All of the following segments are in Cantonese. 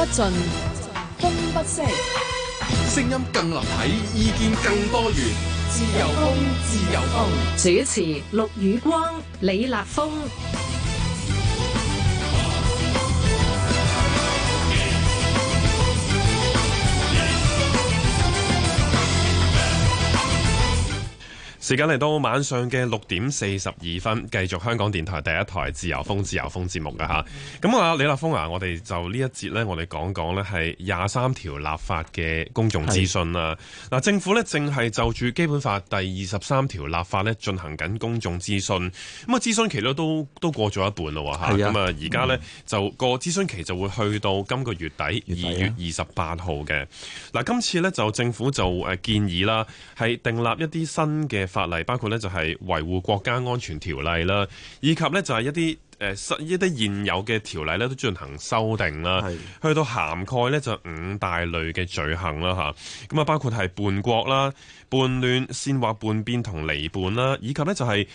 不盡，風不息，聲音更立體，意見更多元，自由風，自由風。主持：陸宇光、李立峰。時間嚟到晚上嘅六點四十二分，繼續香港電台第一台《自由風》自由風節目㗎吓，咁啊， 李立峯啊，我哋就呢一節呢，我哋講講呢係廿三條立法嘅公眾諮詢啦。嗱，政府呢，正係就住基本法第二十三條立法呢進行緊公眾諮詢。咁啊的，諮詢期咧都都過咗一半咯嚇。咁啊的，而家呢，就個、嗯、諮詢期就會去到今個月底二月二十八號嘅。嗱、啊，今次呢，就政府就誒建議啦，係訂立一啲新嘅法。例包括咧就係維護國家安全條例啦，以及咧就係一啲誒實一啲現有嘅條例咧都進行修訂啦，是去到涵蓋咧就五大類嘅罪行啦吓，咁啊包括係叛國啦、叛亂、煽惑叛變同離叛啦，以及咧就係、是。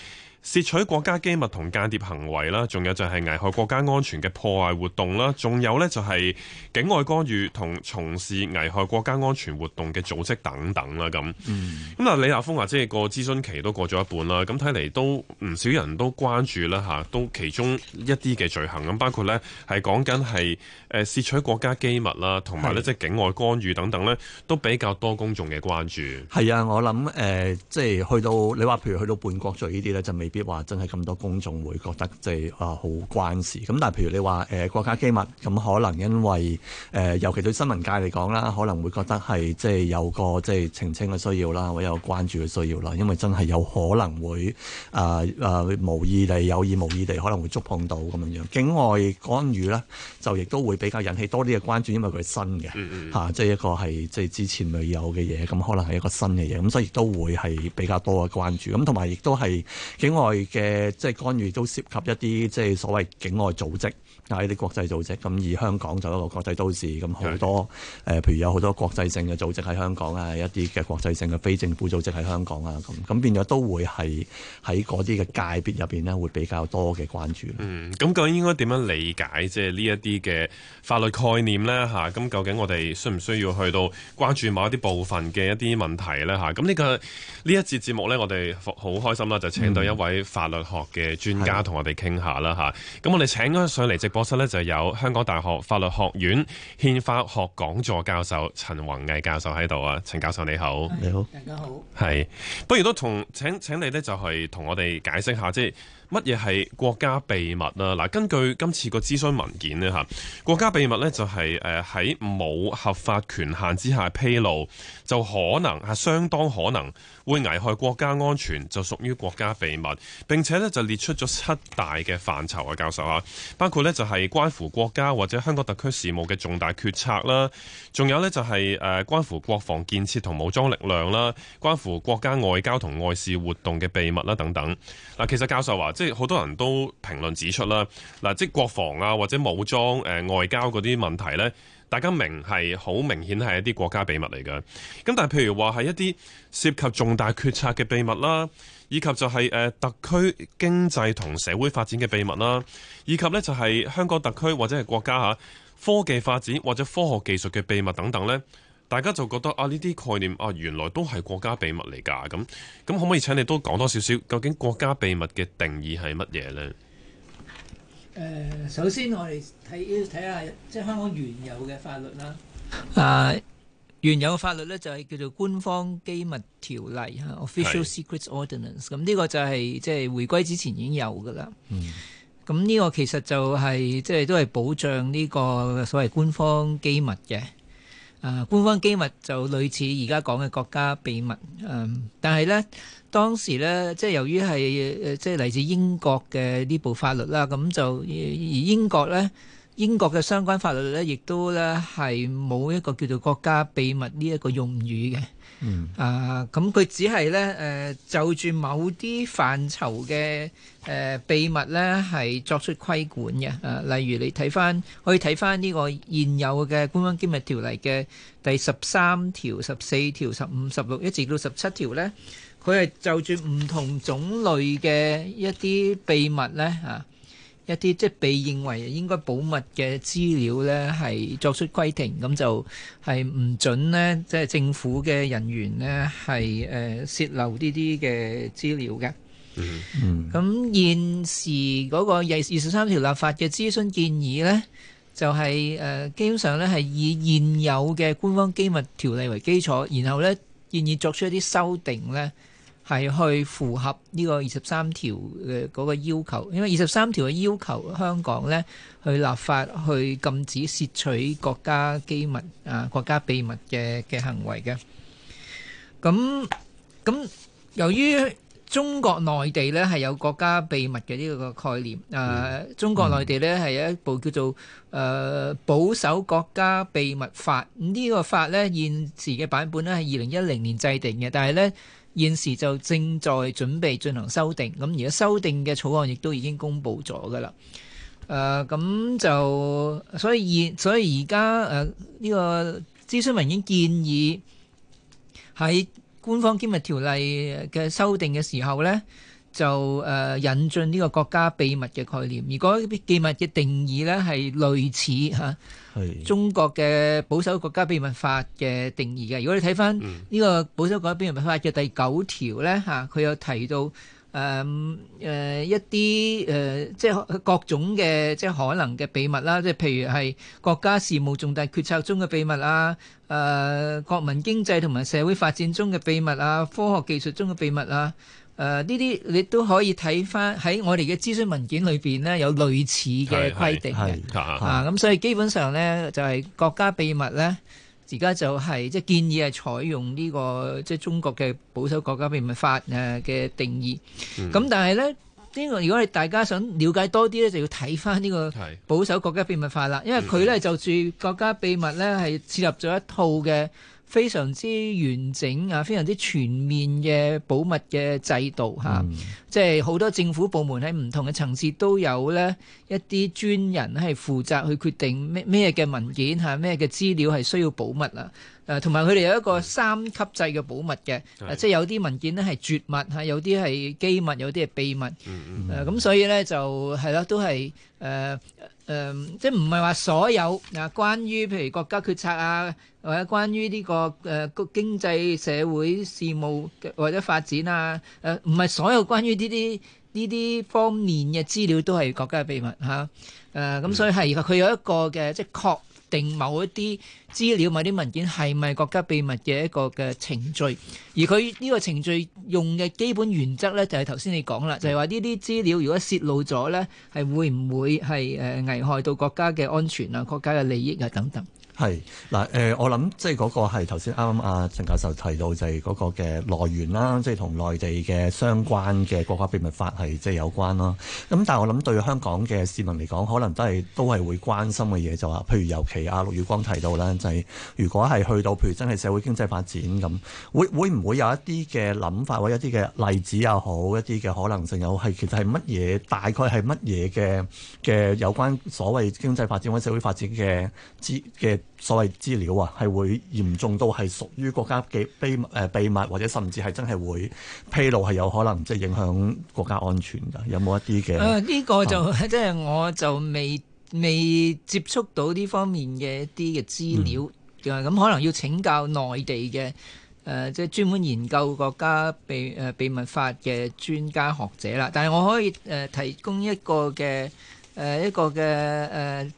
竊取國家機密同間諜行為啦，仲有就係危害國家安全嘅破壞活動啦，仲有呢，就係境外干預同從事危害國家安全活動嘅組織等等啦，咁、嗯。咁啊李立峰話，即係個諮詢期都過咗一半啦，咁睇嚟都唔少人都關注啦，嚇，都其中一啲嘅罪行咁，包括呢係講緊係誒竊取國家機密啦，同埋呢即係境外干預等等呢，是都比較多公眾嘅關注。係啊，我諗誒、呃，即係去到你話譬如去到叛國罪呢啲咧，就未。話真係咁多公眾會覺得即係啊好關事咁，但係譬如你話誒、呃、國家機密咁，可能因為誒、呃、尤其對新聞界嚟講啦，可能會覺得係即係有個即係澄清嘅需要啦，或者有關注嘅需要啦，因為真係有可能會啊啊、呃呃、無意地有意無意地可能會觸碰到咁樣，樣境外干預咧，就亦都會比較引起多啲嘅關注，因為佢係新嘅吓、嗯嗯啊，即係一個係即係之前未有嘅嘢，咁可能係一個新嘅嘢，咁所以都會係比較多嘅關注，咁同埋亦都係境外。外嘅即係干預都涉及一啲即係所謂境外組織。喺啲國際組織，咁而香港就一個國際都市，咁好多誒，譬如有好多國際性嘅組織喺香港啊，一啲嘅國際性嘅非政府組織喺香港啊，咁咁變咗都會係喺嗰啲嘅界別入邊咧，會比較多嘅關注。嗯，咁究竟應該點樣理解即係呢一啲嘅法律概念咧？嚇，咁究竟我哋需唔需要去到關注某一啲部分嘅一啲問題咧？嚇、這個，咁呢個呢一節節目咧，我哋好開心啦，就請到一位法律學嘅專家同我哋傾下啦，嚇、嗯。咁我哋請咗上嚟即。播室咧就有香港大學法律學院憲法學講座教授陳弘毅教授喺度啊，陳教授你好，你好，大家好，係，不如都同請請你咧就係同我哋解釋下即係。乜嘢係國家秘密啊？嗱，根據今次個諮詢文件咧吓國家秘密咧就係誒喺冇合法權限之下披露，就可能嚇相當可能會危害國家安全，就屬於國家秘密。並且咧就列出咗七大嘅範疇啊，教授啊，包括咧就係關乎國家或者香港特區事務嘅重大決策啦，仲有咧就係誒關乎國防建設同武裝力量啦，關乎國家外交同外事活動嘅秘密啦等等。嗱，其實教授話。即係好多人都評論指出啦，嗱，即係國防啊或者武裝、誒、呃、外交嗰啲問題呢，大家明係好明顯係一啲國家秘密嚟嘅。咁但係譬如話係一啲涉及重大決策嘅秘密啦，以及就係、是、誒、呃、特區經濟同社會發展嘅秘密啦，以及呢就係香港特區或者係國家嚇科技發展或者科學技術嘅秘密等等呢。大家就覺得啊，呢啲概念啊，原來都係國家秘密嚟㗎。咁咁，可唔可以請你都講多少少？究竟國家秘密嘅定義係乜嘢呢？誒、呃，首先我哋睇睇下，即係香港原有嘅法律啦。 啊，原有嘅法律呢，就係、是、叫做《官方機密條例》嚇 （Official Secrets Ordinance） 是。咁呢個就係即係回歸之前已經有㗎啦。嗯。咁呢個其實就係即係都係保障呢個所謂官方機密嘅。啊，官方機密就類似而家講嘅國家秘密，嗯，但係咧當時咧，即係由於係即係嚟自英國嘅呢部法律啦，咁就而英國咧。英國嘅相關法律咧，亦都咧係冇一個叫做國家秘密呢一個用語嘅。嗯。啊，咁佢只係咧誒就住某啲範疇嘅誒、呃、秘密咧，係作出規管嘅。啊，例如你睇翻，可以睇翻呢個現有嘅《官方機密條例》嘅第十三條、十四條、十五、十六一直到十七條咧，佢係就住唔同種類嘅一啲秘密咧啊。一啲即係被認為應該保密嘅資料咧，係作出規定，咁就係唔準咧，即係政府嘅人員咧係誒泄露呢啲嘅資料嘅。嗯嗯，咁現時嗰個二二十三條立法嘅諮詢建議咧，就係誒基本上咧係以現有嘅官方機密條例為基礎，然後咧建議作出一啲修訂咧。係去符合呢個二十三條嘅嗰個要求，因為二十三條嘅要求，香港呢去立法去禁止竊取國家機密啊、國家秘密嘅嘅行為嘅。咁、啊、咁，由於中國內地呢係有國家秘密嘅呢、這個概念啊，中國內地呢係有一部叫做誒、啊《保守國家秘密法》呢、這個法呢現時嘅版本呢係二零一零年制定嘅，但係呢。現時就正在準備進行修訂，咁而家修訂嘅草案亦都已經公布咗㗎喇。誒、呃、咁就所以而所以而家誒呢個諮詢文件建議喺官方機密條例嘅修訂嘅時候呢，就誒、呃、引進呢個國家秘密嘅概念。而嗰個機密嘅定義呢，係類似吓。啊中國嘅保守國家秘密法嘅定義嘅。如果你睇翻呢個保守國家秘密法嘅第九條咧嚇，佢、嗯、有提到誒誒、嗯呃、一啲誒、呃，即係各種嘅即係可能嘅秘密啦，即係譬如係國家事務重大決策中嘅秘密啊，誒、呃、國民經濟同埋社會發展中嘅秘密啊，科學技術中嘅秘密啊。誒呢啲你都可以睇翻喺我哋嘅諮詢文件裏邊呢，有類似嘅規定嘅，啊咁、嗯、所以基本上呢，就係、是、國家秘密呢，而家就係即係建議係採用呢、這個即係、就是、中國嘅保守國家秘密法誒嘅定義，咁、嗯、但係呢，呢個如果係大家想了解多啲呢，就要睇翻呢個保守國家秘密法啦，因為佢呢，就住國家秘密呢，係設立咗一套嘅。非常之完整啊！非常之全面嘅保密嘅制度嚇，嗯、即係好多政府部門喺唔同嘅層次都有咧一啲專人係負責去決定咩咩嘅文件吓咩嘅資料係需要保密啊！誒，同埋佢哋有一個三級制嘅保密嘅、啊，即係有啲文件呢，係絕密吓、啊、有啲係機密，有啲係秘密。誒、嗯，咁、嗯嗯啊、所以咧就係啦、啊，都係。誒、呃。誒、呃，即係唔係話所有嗱、啊，關於譬如國家決策啊，或者關於呢、這個誒、呃、經濟社會事務或者發展啊，誒唔係所有關於呢啲呢啲方面嘅資料都係國家秘密嚇。誒、啊，咁、呃嗯、所以係佢有一個嘅即係確定某一啲資料、某啲文件係咪國家秘密嘅一個嘅程序，而佢呢個程序用嘅基本原則咧，就係頭先你講啦，就係話呢啲資料如果泄露咗咧，係會唔會係誒危害到國家嘅安全啊、國家嘅利益啊等等。係嗱，誒、呃，我諗即係嗰個係頭先啱啱阿陳教授提到就係嗰個嘅來源啦，即係同內地嘅相關嘅國家秘密法係即係有關啦。咁、嗯、但係我諗對香港嘅市民嚟講，可能都係都係會關心嘅嘢，就話、是、譬如尤其阿陸宇光提到啦，就係、是、如果係去到譬如真係社會經濟發展咁，會會唔會有一啲嘅諗法或者一啲嘅例子又好，一啲嘅可能性又好？係其實係乜嘢？大概係乜嘢嘅嘅有關所謂經濟發展或者社會發展嘅資嘅？所謂資料啊，係會嚴重到係屬於國家嘅秘誒、呃、秘密，或者甚至係真係會披露係有可能，即係影響國家安全㗎。有冇一啲嘅？誒呢、呃這個就、啊、即係我就未未接觸到呢方面嘅一啲嘅資料啊，咁、嗯、可能要請教內地嘅誒、呃，即係專門研究國家秘誒、呃、秘密法嘅專家學者啦。但係我可以誒、呃、提供一個嘅誒、呃、一個嘅誒。呃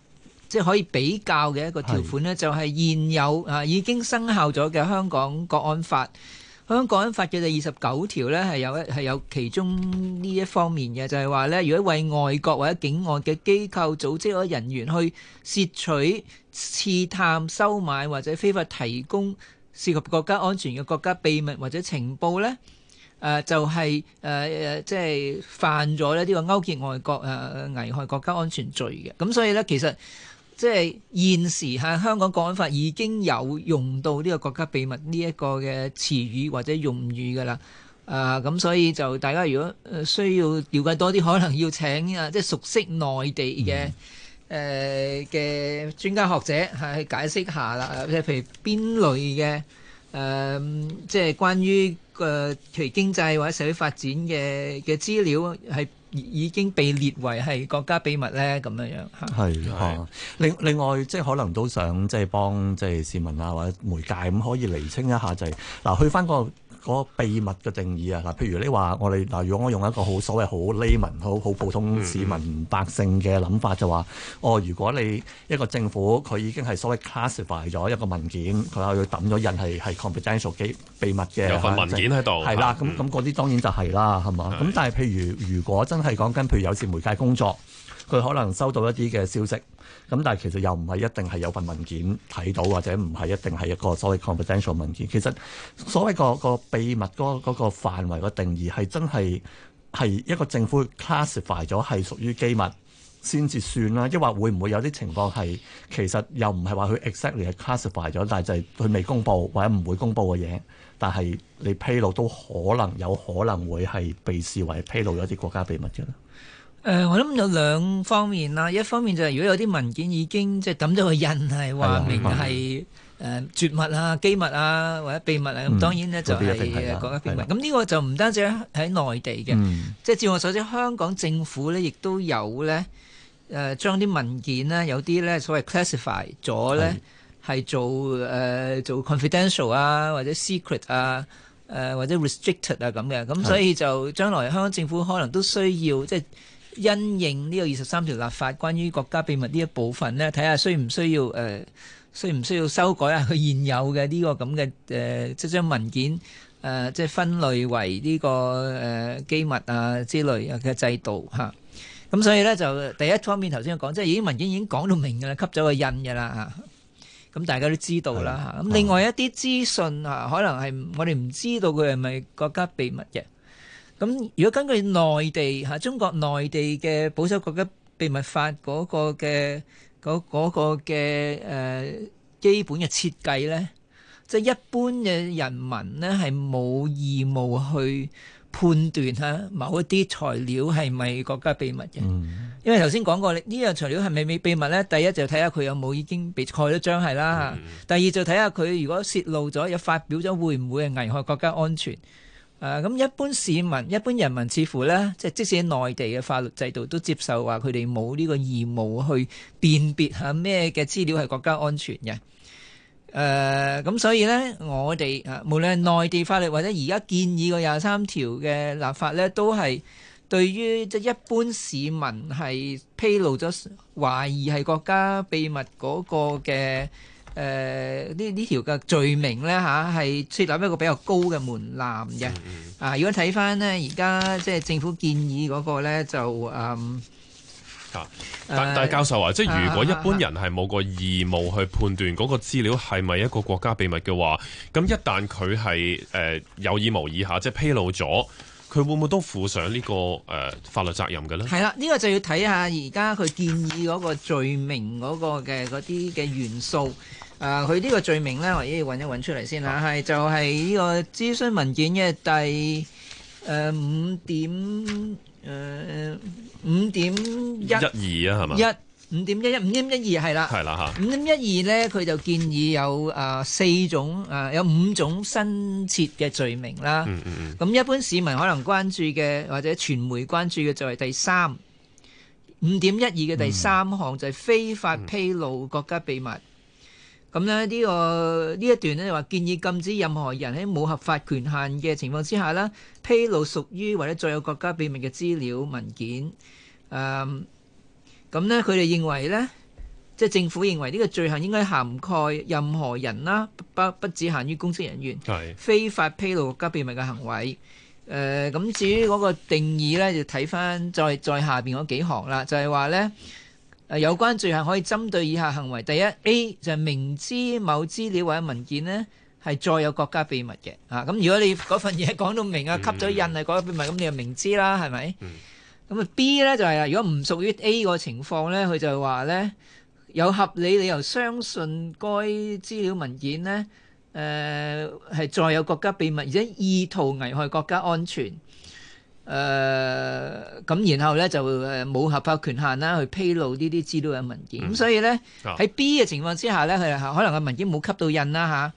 即係可以比較嘅一個條款呢，是就係現有啊已經生效咗嘅香港國安法，香港國安法嘅第二十九條呢，係有係有其中呢一方面嘅，就係、是、話呢：如果為外國或者境外嘅機構組織咗人員去竊取、刺探、收買或者非法提供涉及國家安全嘅國家秘密或者情報呢，誒、呃、就係誒誒即係犯咗呢呢個勾結外國誒危害國家安全罪嘅。咁所以呢，其實。即係現時喺香港《國安法》已經有用到呢個國家秘密呢一個嘅詞語或者用語㗎啦，啊、呃、咁所以就大家如果需要了解多啲，可能要請啊即係熟悉內地嘅誒嘅專家學者去解釋下啦、呃，即係譬如邊類嘅誒，即係關於個、呃、譬如經濟或者社會發展嘅嘅資料係。已經被列為係國家秘密咧，咁樣樣嚇。係的啊，另的另外即係的可能都想即係幫即係的的市民啊或者媒介咁可以釐清一下就係、是、嗱、啊，去翻嗰個。個秘密嘅定義啊，嗱，譬如你話我哋嗱，如果我用一個好所謂好 layman 好好普通市民百姓嘅諗法，嗯、就話，哦，如果你一個政府佢已經係所謂 classify 咗一個文件，佢話要揼咗人係係 confidential 機秘密嘅，有份文件喺度，係啦的，咁咁嗰啲當然就係啦，係嘛？咁的但係譬如如果真係講緊譬如有時媒介工作，佢可能收到一啲嘅消息。咁但係其實又唔係一定係有份文件睇到，或者唔係一定係一個所謂 confidential 文件。其實所謂、嗰個個秘密嗰、嗰、嗰、個嗰個範圍個定義係真係係一個政府 classify 咗係屬於機密先至算啦。亦或會唔會有啲情況係其實又唔係話佢 exactly 係 classify 咗，但係就係佢未公布或者唔會公布嘅嘢，但係你披露都可能有可能會係被視為披露咗啲國家秘密嘅啦。誒，我諗有兩方面啦。一方面就係如果有啲文件已經即係抌咗個印，係話明係誒絕密啊、機密啊或者秘密啊，咁當然咧就係講緊秘密。咁呢個就唔單止喺內地嘅，即係照我所知，香港政府咧亦都有咧誒，將啲文件呢，有啲咧所謂 classify 咗咧，係做誒做 confidential 啊，或者 secret 啊，誒或者 restricted 啊咁嘅。咁所以就將來香港政府可能都需要即係。因應呢個二十三條立法關於國家秘密呢一部分呢，睇下需唔需要誒，需唔需要修改下佢現有嘅呢個咁嘅誒，即係將文件誒，即係分類為呢個誒機密啊之類嘅制度嚇。咁所以呢就第一方面頭先講，即係已經文件已經講到明㗎喇，吸咗個印㗎喇嚇。咁大家都知道啦嚇。咁另外一啲資訊啊，可能係我哋唔知道佢係咪國家秘密嘅。咁如果根據內地吓，中國內地嘅保守國家秘密法嗰個嘅嗰嘅誒基本嘅設計咧，即係一般嘅人民咧係冇義務去判斷下某一啲材料係咪國家秘密嘅。嗯、因為頭先講過呢樣材料係咪秘秘密咧？第一就睇下佢有冇已經被蓋咗章係啦。嗯、第二就睇下佢如果泄露咗又發表咗，會唔會係危害國家安全。啊，咁一般市民、一般人民似乎咧，即係即使喺內地嘅法律制度都接受話，佢哋冇呢個義務去辨別下咩嘅資料係國家安全嘅。誒，咁所以咧，我哋啊，無論係內地法律或者而家建議嘅廿三條嘅立法咧，都係對於即係一般市民係披露咗懷疑係國家秘密嗰個嘅。誒呢呢條嘅罪名咧嚇係設立一個比較高嘅門檻嘅。啊，如果睇翻呢，而家即係政府建議嗰個咧就誒嚇、嗯啊，但但教授啊，呃、即係如果一般人係冇個義務去判斷嗰個資料係咪一個國家秘密嘅話，咁一旦佢係誒有意無意下，即係披露咗，佢會唔會都負上呢、呢個誒、呃、法律責任嘅咧？係啦，呢、呢個就要睇下而家佢建議嗰個罪名嗰個嘅嗰啲嘅元素。啊！佢呢個罪名咧，或者要揾一揾出嚟先嚇，係就係呢個諮詢文件嘅第誒五點誒五點一二啊，係嘛？一五點一一五點一二係啦，係啦嚇五點一二咧，佢就建議有啊四種啊有五種新設嘅罪名啦。咁一般市民可能關注嘅或者傳媒關注嘅就係第三五點一二嘅第三項就係非法披露國家秘密。咁、嗯這個、呢，呢個呢一段咧話，建議禁止任何人喺冇合法權限嘅情況之下呢，披露屬於或者載有國家秘密嘅資料文件。誒、嗯，咁咧佢哋認為呢，即係政府認為呢個罪行應該涵蓋任何人啦，不不只限於公職人員。係是非法披露國家秘密嘅行為。誒、呃，咁、嗯、至於嗰個定義呢，就睇返再再下邊嗰幾行啦，就係、是、話呢。誒有關罪行可以針對以下行為：第一，A 就係明知某資料或者文件呢係載有國家秘密嘅。啊，咁如果你嗰份嘢講到明啊，吸咗印啊，國家秘密，咁你就明知啦，係咪？咁啊 B 呢就係，如果唔屬於 A 個情況呢，佢就話呢有合理理由相信該資料文件呢，誒係載有國家秘密，而且意圖危害國家安全。誒咁，然後咧就誒冇合法權限啦，去披露呢啲資料嘅文件。咁所以咧喺 B 嘅情況之下咧，佢可能個文件冇吸到印啦嚇。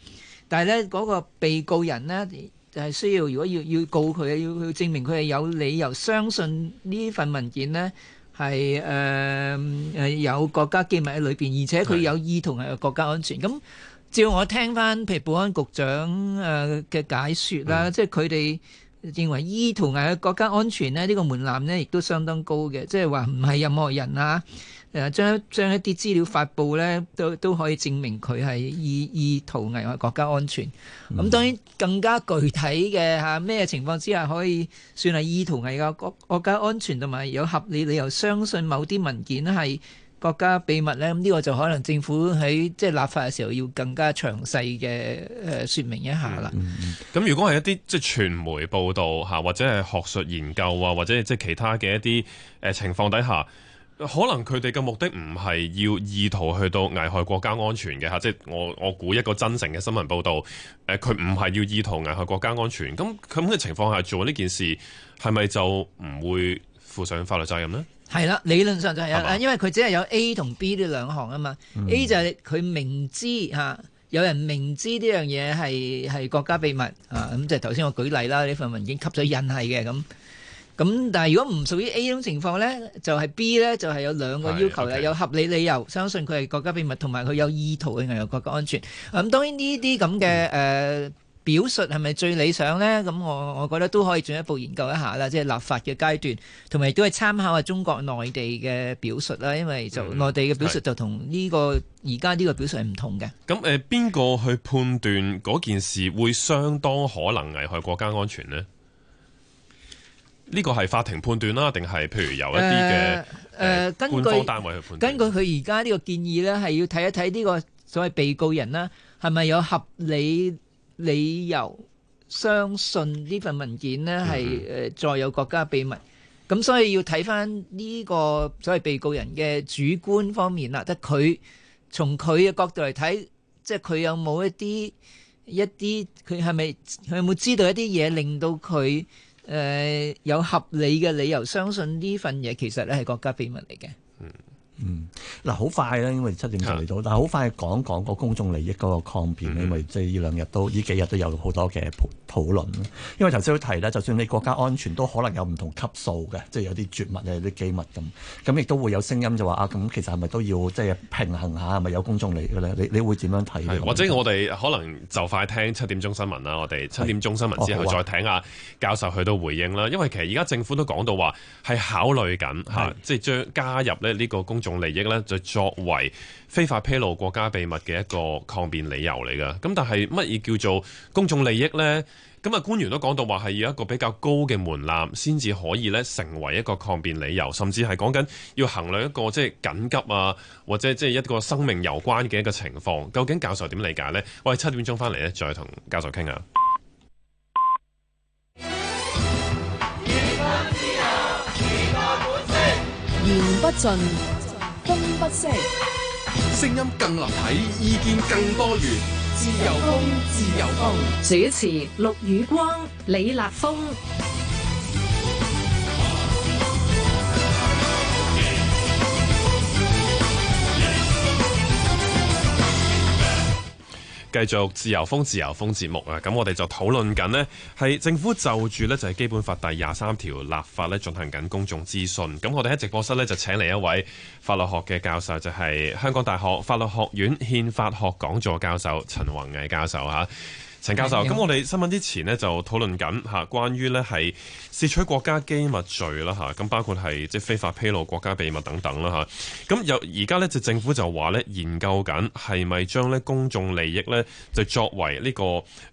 但係咧嗰個被告人咧就係需要，如果要要告佢，要證明佢係有理由相信呢份文件咧係誒誒有國家機密喺裏邊，而且佢有意圖係國家安全。咁照我聽翻，譬如保安局長誒嘅解説啦，即係佢哋，認為意圖危害國家安全咧，呢、呢個門檻呢，亦都相當高嘅。即係話唔係任何人啊，誒、啊、將將一啲資料發布呢，都都可以證明佢係意意圖危害國家安全。咁當然更加具體嘅嚇，咩、啊、情況之下可以算係意圖危害國家安全，同埋有，有合理理由相信某啲文件係國家秘密呢，咁、這、呢個就可能政府喺即係立法嘅時候要更加詳細嘅誒説明一下啦。咁、嗯嗯嗯嗯、如果係一啲即係傳媒報道嚇，或者係學術研究啊，或者係即係其他嘅一啲誒情況底下，可能佢哋嘅目的唔係要意圖去到危害國家安全嘅嚇，即係我我估一個真誠嘅新聞報道，誒佢唔係要意圖危害國家安全。咁咁嘅情況下做呢件事，係咪就唔會負上法律責任呢？係啦，理論上就係啦，吧因為佢只係有 A 同 B 呢兩行啊嘛。嗯、A 就係佢明知嚇、啊，有人明知呢樣嘢係係國家秘密啊，咁、嗯、就頭、是、先我舉例啦，呢份文件吸咗隱係嘅咁。咁、嗯、但係如果唔屬於 A 種情況咧，就係、是、B 咧，就係、是、有兩個要求嘅，okay. 有合理理由相信佢係國家秘密，同埋佢有意圖嘅危害國家安全。咁、嗯、當然呢啲咁嘅誒。嗯表述係咪最理想呢？咁我我覺得都可以進一步研究一下啦，即係立法嘅階段，同埋亦都係參考下中國內地嘅表述啦。因為就、嗯、內地嘅表述就同呢、係而家呢個表述係唔同嘅。咁誒，呃、邊個去判斷嗰件事會相當可能危害國家安全呢？呢個係法庭判斷啦，定係譬如有一啲嘅誒，根據單位去判，根據佢而家呢個建議呢，係要睇一睇呢個所謂被告人啦，係咪有合理？理由相信呢份文件呢，係誒、呃、載有國家秘密，咁所以要睇翻呢個所謂被告人嘅主觀方面啦、呃，即係佢從佢嘅角度嚟睇，即係佢有冇一啲一啲，佢係咪佢有冇知道一啲嘢，令到佢誒、呃、有合理嘅理由相信呢份嘢其實咧係國家秘密嚟嘅。嗯。嗯，嗱，好快啦，因為七點就嚟到，但係好快講講個公眾利益嗰個抗辯咧，因為即係呢兩日都呢幾日都有好多嘅討論，因為頭先都提啦，就算你國家安全都可能有唔同級數嘅，即係有啲絕密啊，有啲機密咁，咁亦都會有聲音就話啊，咁其實係咪都要即係平衡下，係咪有公眾利益咧？你你會點樣睇？是這樣，或者我哋可能就快聽七點鐘新聞啦，我哋七點鐘新聞之後再聽下教授佢都回應啦。因為其實而家政府都講到話係考慮緊吓，即係將加入咧呢個公眾。利益咧，就作為非法披露國家秘密嘅一個抗辯理由嚟噶，咁但係乜嘢叫做公眾利益呢？咁、嗯、啊官員都講到話係要一個比較高嘅門檻，先至可以咧成為一個抗辯理由，甚至係講緊要衡量一個即係緊急啊，或者即係一個生命有關嘅一個情況。究竟教授點理解呢？我哋七點鐘翻嚟咧，再同教授傾下。聲音更立體，意見更多元。自由風，自由風，主持陸宇光、李立峰。繼續自由風自由風節目啊！咁我哋就討論緊呢係政府就住呢就係基本法第廿三條立法咧，進行緊公眾諮詢。咁我哋喺直播室呢就請嚟一位法律學嘅教授，就係香港大學法律學院憲法學講座教授陳弘毅教授嚇。陳教授，咁、嗯、我哋新聞之前呢，就討論緊嚇，關於呢係竊取國家機密罪啦吓，咁包括係即係非法披露國家秘密等等啦吓，咁有而家呢，就政府就話呢，研究緊係咪將呢公眾利益呢，就作為呢個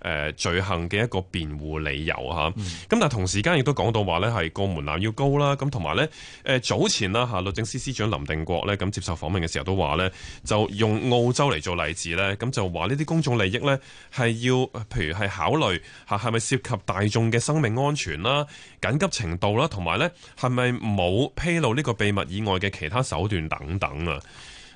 誒罪行嘅一個辯護理由吓，咁、嗯、但係同時間亦都講到話呢係個門檻要高啦，咁同埋呢，誒早前啦嚇律政司司長林定國呢，咁接受訪問嘅時候都話呢，就用澳洲嚟做例子呢。咁就話呢啲公眾利益呢，係要。譬如係考慮吓係咪涉及大眾嘅生命安全啦、緊急程度啦，同埋咧係咪冇披露呢個秘密以外嘅其他手段等等啊？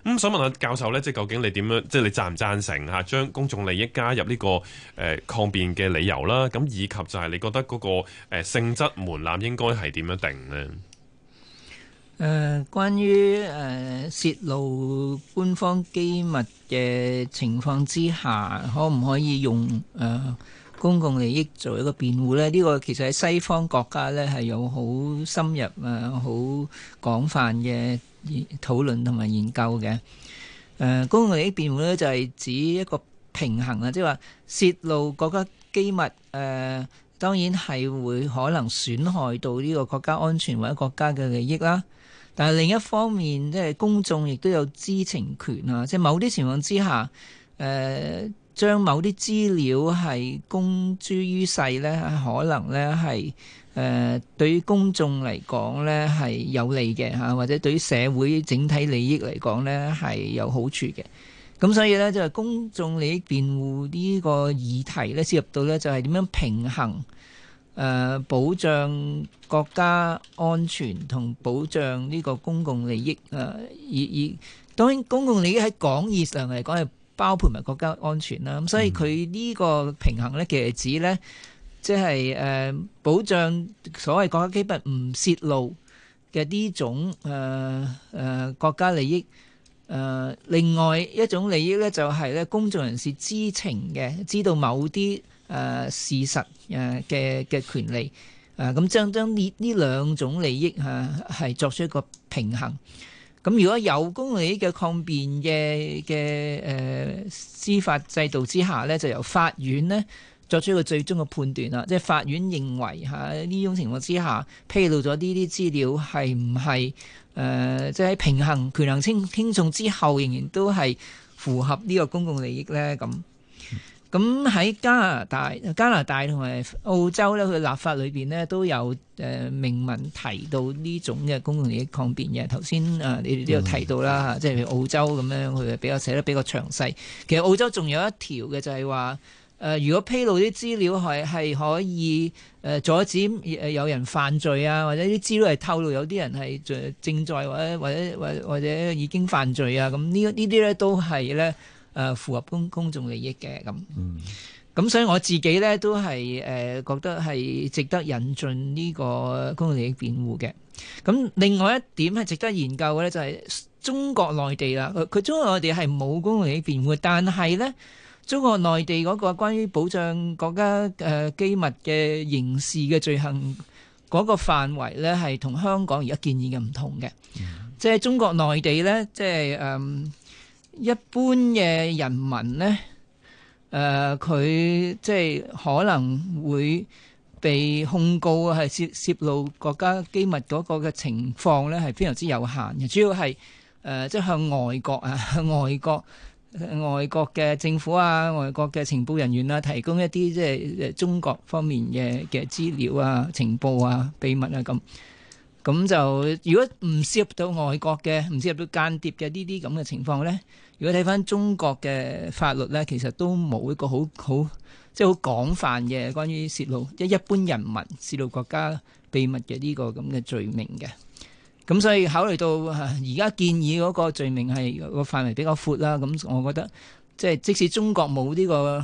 咁、嗯、想問下教授咧，即係究竟你點樣？即係你讚唔讚成吓將、啊、公眾利益加入呢、這個誒、呃、抗辯嘅理由啦？咁、啊、以及就係你覺得嗰、那個誒、呃、性質門檻應該係點樣定呢？誒、呃，關於誒、呃、泄露官方機密嘅情況之下，可唔可以用誒、呃、公共利益做一個辯護呢？呢、這個其實喺西方國家呢，係有好深入啊、好、呃、廣泛嘅討論同埋研究嘅。誒、呃，公共利益辯護呢，就係、是、指一個平衡啊，即係話泄露國家機密，誒、呃、當然係會可能損害到呢個國家安全或者國家嘅利益啦。但係另一方面，即係公眾亦都有知情權啊！即係某啲情況之下，誒、呃、將某啲資料係公諸於世咧，可能咧係誒對於公眾嚟講咧係有利嘅嚇，或者對於社會整體利益嚟講咧係有好處嘅。咁所以咧就係、是、公眾利益辯護呢個議題咧，涉及到咧就係點樣平衡。誒、呃、保障國家安全同保障呢個公共利益啊！而、呃、而當然，公共利益喺廣義上嚟講係包括埋國家安全啦。咁、嗯、所以佢呢個平衡咧，其實指呢，即係誒、呃、保障所謂國家機密唔泄露嘅呢種誒誒、呃呃、國家利益。誒、呃、另外一種利益呢，就係呢，公眾人士知情嘅，知道某啲。誒、呃、事實誒嘅嘅權利，誒咁將將呢呢兩種利益嚇係、啊、作出一個平衡。咁、啊、如果有公共利益嘅抗辯嘅嘅誒司法制度之下呢，就由法院咧作出一個最終嘅判斷啦、啊。即係法院認為嚇呢、啊、種情況之下，披露咗呢啲資料係唔係誒即係平衡權衡輕輕重之後，仍然都係符合呢個公共，共利益咧？咁、啊。咁喺加拿大、加拿大同埋澳洲咧，佢立法裏邊呢都有誒、呃、明文提到呢種嘅公共利益抗辯嘅。頭先啊，你哋都有提到啦、啊，即係澳洲咁樣佢比較寫得比較詳細。其實澳洲仲有一條嘅就係話，誒、呃、如果披露啲資料係係可以誒、呃、阻止誒有人犯罪啊，或者啲資料係透露有啲人係正在或者或者或或者已經犯罪啊，咁呢呢啲咧都係咧。誒符合公公眾利益嘅咁，嗯咁所以我自己咧都係誒覺得係值得引進呢個公共利益辯護嘅。咁另外一點係值得研究嘅咧，就係中國內地啦。佢中國內地係冇公共利益辯護，但係咧中國內地嗰個關於保障國家誒機密嘅刑事嘅罪行嗰個範圍咧，係同香港而家建議嘅唔同嘅。即係中國內地咧，即係誒。一般嘅人民咧，誒佢即係可能會被控告係涉涉露國家機密嗰個嘅情況咧，係非常之有限嘅。主要係誒即係向外國啊、向外國外國嘅政府啊、外國嘅情報人員啊，提供一啲即係誒中國方面嘅嘅資料啊、情報啊、秘密啊咁。咁就如果唔涉及到外國嘅，唔涉及到間諜嘅呢啲咁嘅情況咧。如果睇翻中國嘅法律咧，其實都冇一個好好即係好廣泛嘅關於泄露一一般人民泄露國家秘密嘅呢個咁嘅罪名嘅。咁所以考慮到而家建議嗰個罪名係個範圍比較闊啦，咁我覺得即係即使中國冇呢個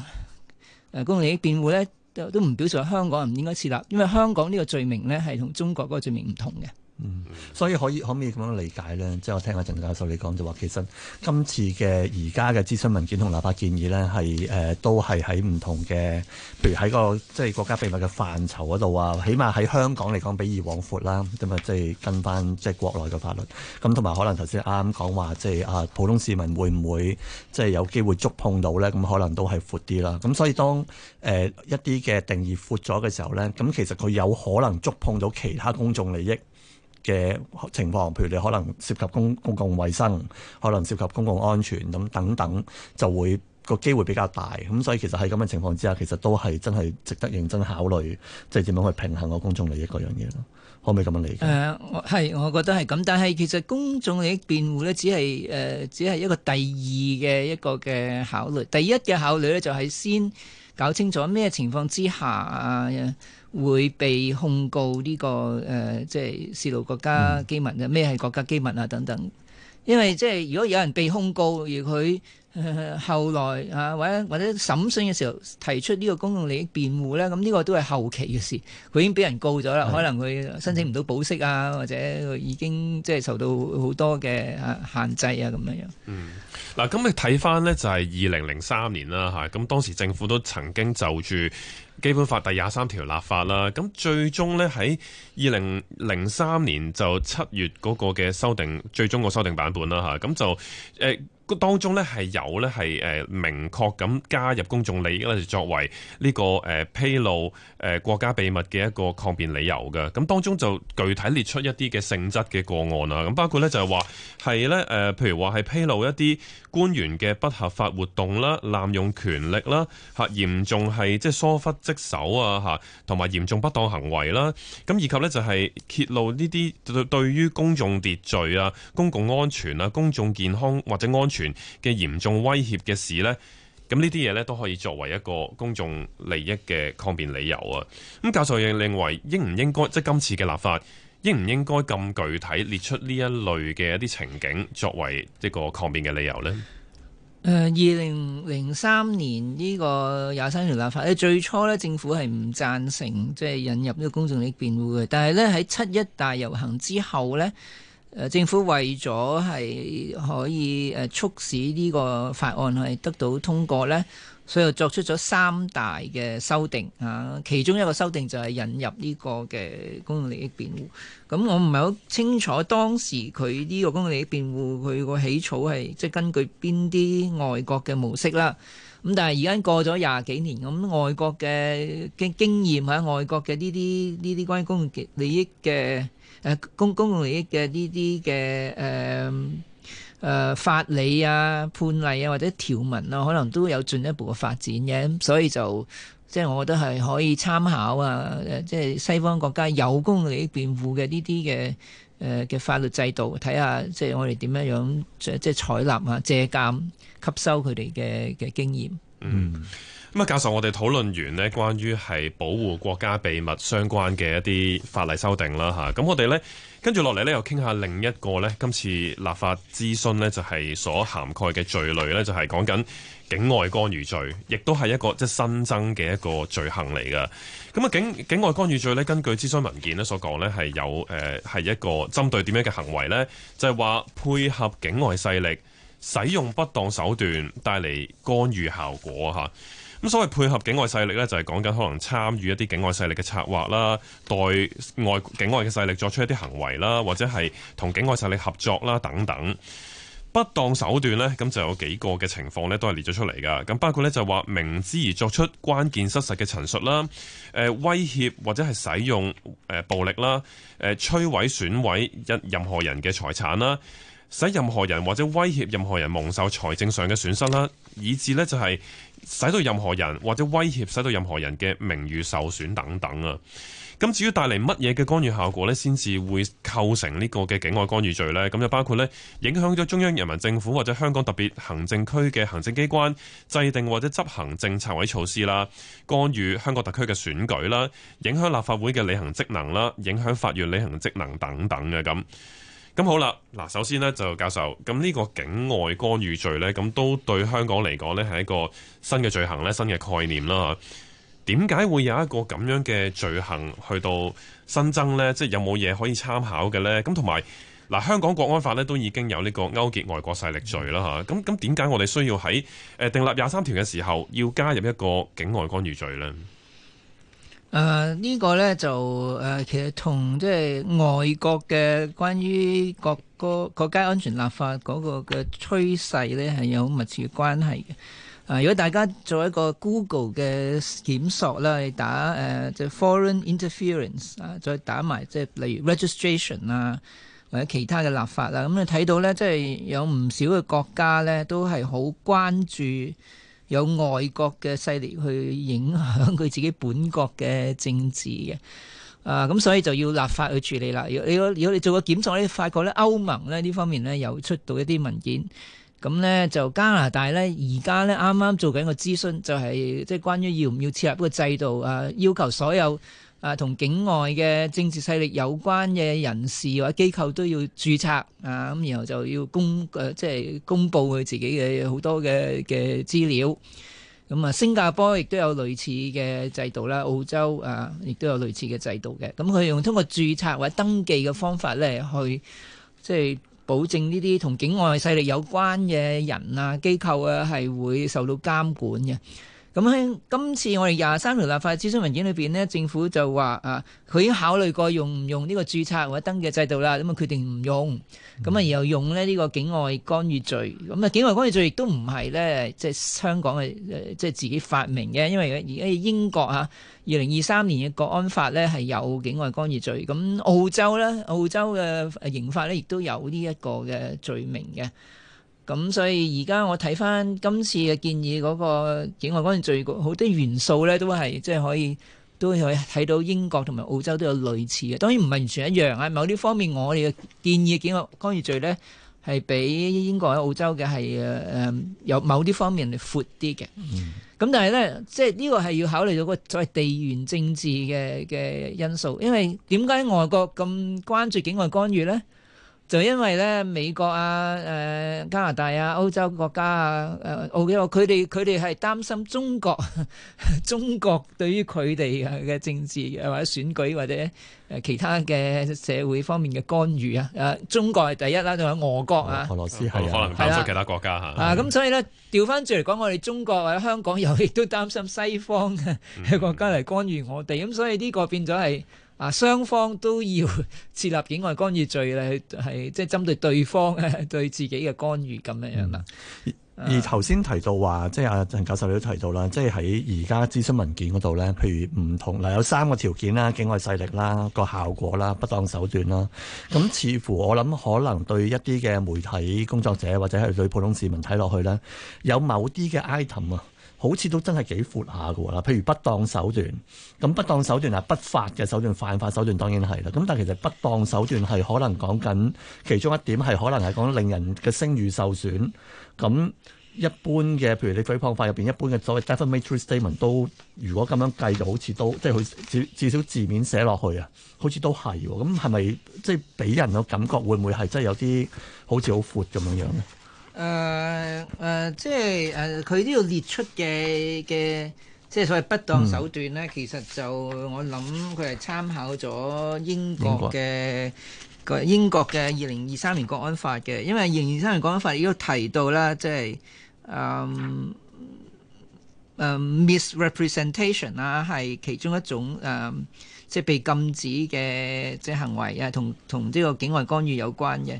誒公共利益辯護咧，都都唔表示香港唔應該設立，因為香港呢個罪名咧係同中國嗰個罪名唔同嘅。嗯，所以可以可唔可以咁樣理解咧？即係我聽阿陳教授你講就話，其實今次嘅而家嘅諮詢文件同立法建議咧，係誒、呃、都係喺唔同嘅，譬如喺個即係國家秘密嘅範疇嗰度啊。起碼喺香港嚟講比以往闊啦。咁、嗯、啊，即係跟翻即係國內嘅法律咁，同埋可能頭先啱啱講話，即係啊普通市民會唔會即係有機會觸碰到咧？咁、嗯、可能都係闊啲啦。咁、嗯、所以當誒、呃、一啲嘅定義闊咗嘅時候咧，咁、嗯、其實佢有可能觸碰到其他公眾利益，嘅情況，譬如你可能涉及公公共衛生，可能涉及公共安全咁等等，就會個機會比較大。咁所以其實喺咁嘅情況之下，其實都係真係值得認真考慮，即係點樣去平衡個公眾利益嗰樣嘢咯？可唔可以咁樣理解？誒、呃，我係覺得係咁，但係其實公眾利益辯護呢、呃，只係誒，只係一個第二嘅一個嘅考慮。第一嘅考慮呢，就係先搞清楚咩情況之下啊。會被控告呢、這個誒、呃，即係泄露國家機密啊，咩係國家機密啊等等。因為即係如果有人被控告，而佢、呃、後來啊或者或者審訊嘅時候提出呢個公共利益辯護咧，咁呢個都係後期嘅事。佢已經俾人告咗啦，可能佢申請唔到保釋啊，的或者佢已經即係受到好多嘅限制啊咁樣樣、嗯。嗯，嗱咁你睇翻呢，就係二零零三年啦嚇，咁當時政府都曾經就住。基本法第廿三條立法啦，咁最終呢喺二零零三年就七月嗰個嘅修訂，最終個修訂版本啦吓，咁就誒。呃個當中咧係有咧係誒明確咁加入公眾利益咧就作為呢個誒披露誒國家秘密，嘅一個抗辯理由嘅。咁當中就具體列出一啲嘅性質嘅個案啊，咁包括咧就係話係咧誒譬如話係披露一啲官員嘅不合法活動啦、濫用權力啦、吓嚴重係即係疏忽職守啊、吓同埋嚴重不當行為啦。咁以及咧就係揭露呢啲對對於公眾秩序啊、公共安全啊、公眾健康或者安全。嘅嚴重威脅嘅事呢，咁呢啲嘢呢，都可以作為一個公眾利益嘅抗辯理由啊！咁教授亦認為應唔應該即係今次嘅立法應唔應該咁具體列出呢一類嘅一啲情景作為一個抗辯嘅理由呢？二零零三年呢個廿三條立法咧，最初呢政府係唔贊成即係引入呢個公眾利益辯護嘅，但係呢，喺七一大遊行之後呢。誒政府為咗係可以誒促使呢個法案係得到通過咧，所以作出咗三大嘅修訂吓。其中一個修訂就係引入呢個嘅公共利益辯護。咁我唔係好清楚當時佢呢個公共利益辯護佢個起草係即係根據邊啲外國嘅模式啦。咁但係而家過咗廿幾年，咁外國嘅經經驗喺外國嘅呢啲呢啲關於公共利益嘅。誒公公共利益嘅呢啲嘅誒誒法理啊判例啊或者條文啊，可能都有進一步嘅發展嘅，咁所以就即係我覺得係可以參考啊！誒，即係西方國家有公共利益辯護嘅呢啲嘅誒嘅法律制度，睇下即係我哋點樣樣，即係採納啊、借鑑吸收佢哋嘅嘅經驗。嗯。咁啊，教授，我哋討論完呢，關於係保護國家秘密相關嘅一啲法例修訂啦，嚇、啊。咁我哋呢，跟住落嚟呢，又傾下另一個呢。今次立法諮詢呢，就係所涵蓋嘅罪類呢，就係講緊境外干預罪，亦都係一個即係新增嘅一個罪行嚟噶。咁啊，境境外干預罪呢，根據諮詢文件呢所講呢，係有誒係一個針對點樣嘅行為呢，就係話配合境外勢力使用不當手段，帶嚟干預效果嚇。啊。所謂配合境外勢力咧，就係講緊可能參與一啲境外勢力嘅策劃啦，對外境外嘅勢力作出一啲行為啦，或者係同境外勢力合作啦等等。不當手段呢，咁就有幾個嘅情況呢，都係列咗出嚟㗎。咁包括呢，就話明知而作出關鍵失實嘅陳述啦，誒威脅或者係使用誒暴力啦，誒摧毀損毀一任何人嘅財產啦。使任何人或者威脅任何人蒙受財政上嘅損失啦，以至呢就係使到任何人或者威脅使到任何人嘅名譽受損等等啊。咁至於帶嚟乜嘢嘅干預效果呢？先至會構成呢個嘅境外干預罪呢。咁就包括呢，影響咗中央人民政府或者香港特別行政區嘅行政機關制定或者執行政策或措施啦，干預香港特區嘅選舉啦，影響立法會嘅履行職能啦，影響法院履行職能等等嘅咁。咁好啦，嗱，首先呢，就教授咁呢個境外干預罪呢，咁都對香港嚟講呢，係一個新嘅罪行呢，新嘅概念啦吓。點解會有一個咁樣嘅罪行去到新增呢？即係有冇嘢可以參考嘅呢？咁同埋嗱，香港國安法呢，都已經有呢個勾結外國勢力罪啦吓。咁咁點解我哋需要喺誒訂立廿三條嘅時候要加入一個境外干預罪呢？誒呢、呃這個呢，就誒、呃、其實同即係外國嘅關於國國國家安全立法嗰個嘅趨勢呢，係有密切嘅關係嘅。啊、呃，如果大家做一個 Google 嘅檢索啦，打誒即係 foreign interference 啊，再打埋即係例如 registration 啊或者其他嘅立法啦，咁你睇到呢，即、就、係、是、有唔少嘅國家呢，都係好關注。有外國嘅勢力去影響佢自己本國嘅政治嘅，啊咁所以就要立法去處理啦。如果如果你做個檢索咧，發覺咧歐盟咧呢方面咧又出到一啲文件，咁呢就加拿大呢而家呢啱啱做緊個諮詢，就係即係關於要唔要設立個制度啊，要求所有。啊，同境外嘅政治勢力有關嘅人士或機構都要註冊，啊，咁然後就要公，誒，即係公佈佢自己嘅好多嘅嘅資料。咁啊，新加坡亦都有類似嘅制度啦，澳洲啊，亦都有類似嘅制度嘅。咁佢用通過註冊或者登記嘅方法咧，去即係保證呢啲同境外勢力有關嘅人啊、機構啊，係會受到監管嘅。咁喺今次我哋廿三條立法諮詢文件裏邊咧，政府就話啊，佢已經考慮過用唔用呢個註冊或者登記制度啦，咁啊決定唔用，咁啊、嗯、又用咧呢、呢個境外干預罪，咁、嗯、啊境外干預罪亦都唔係咧即係香港嘅即係自己發明嘅，因為而家英國嚇二零二三年嘅國安法咧，係有境外干預罪，咁澳洲咧，澳洲嘅刑法咧，亦都有呢一個嘅罪名嘅。咁、嗯、所以而家我睇翻今次嘅建議嗰個境外干預罪，好多元素咧都係即係可以，都可以睇到英國同埋澳洲都有類似嘅。當然唔係完全一樣啊。某啲方面我哋嘅建議境外干預罪咧，係比英國喺澳洲嘅係誒誒有某啲方面嚟闊啲嘅。咁、嗯、但係咧，即係呢個係要考慮到個所謂地緣政治嘅嘅因素。因為點解外國咁關注境外干預咧？就因為咧，美國啊、誒加拿大啊、歐洲國家啊、誒澳洲，佢哋佢哋係擔心中國，中國對於佢哋嘅政治或者選舉或者誒其他嘅社會方面嘅干預啊。誒，中國係第一啦，仲有俄國啊，俄羅斯係啊，可能擔心其他國家嚇。啊，咁所以咧，調翻轉嚟講，我哋中國或者香港又亦都擔心西方嘅國家嚟干預我哋，咁所以呢個變咗係。啊！雙方都要設立境外干預罪咧，係即係針對對方嘅對自己嘅干預咁樣樣啦、嗯。而頭先提到話，嗯、即係阿陳教授你都提到啦，即係喺而家諮詢文件嗰度咧，譬如唔同嗱、呃，有三個條件啦，境外勢力啦，個效果啦，不當手段啦。咁似乎我諗可能對一啲嘅媒體工作者或者係對普通市民睇落去咧，有某啲嘅 item 啊。好似都真係幾闊下嘅啦，譬如不當手段，咁、嗯、不當手段啊，不法嘅手段、犯法手段當然係啦。咁但係其實不當手段係可能講緊其中一點，係可能係講令人嘅聲譽受損。咁、嗯、一般嘅，譬如你舉誹謗法入邊一般嘅所謂 defamatory statement 都，如果咁樣計，就好似都即係佢至至少字面寫落去啊，好似都係。咁係咪即係俾人嘅感覺會唔會係真係有啲好似好闊咁樣樣咧？誒誒、uh, 呃，即係誒，佢呢度列出嘅嘅，即係所謂不當手段咧，嗯、其實就我諗佢係參考咗英國嘅個英國嘅二零二三年國安法嘅，因為二零二三年國安法亦都提到啦，即係誒誒 misrepresentation 啦，係、嗯嗯、其中一種誒、嗯，即係被禁止嘅即係行為啊，同同呢個境外干預有關嘅。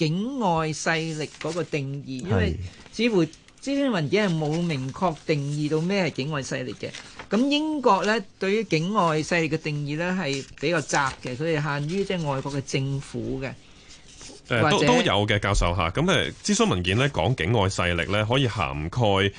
境外勢力嗰個定義，是因為似乎諮詢文件係冇明確定義到咩係境外勢力嘅。咁英國咧對於境外勢力嘅定義咧係比較窄嘅，佢哋限於即係外國嘅政府嘅。誒、呃、都都有嘅教授嚇，咁誒諮詢文件咧講境外勢力咧可以涵蓋。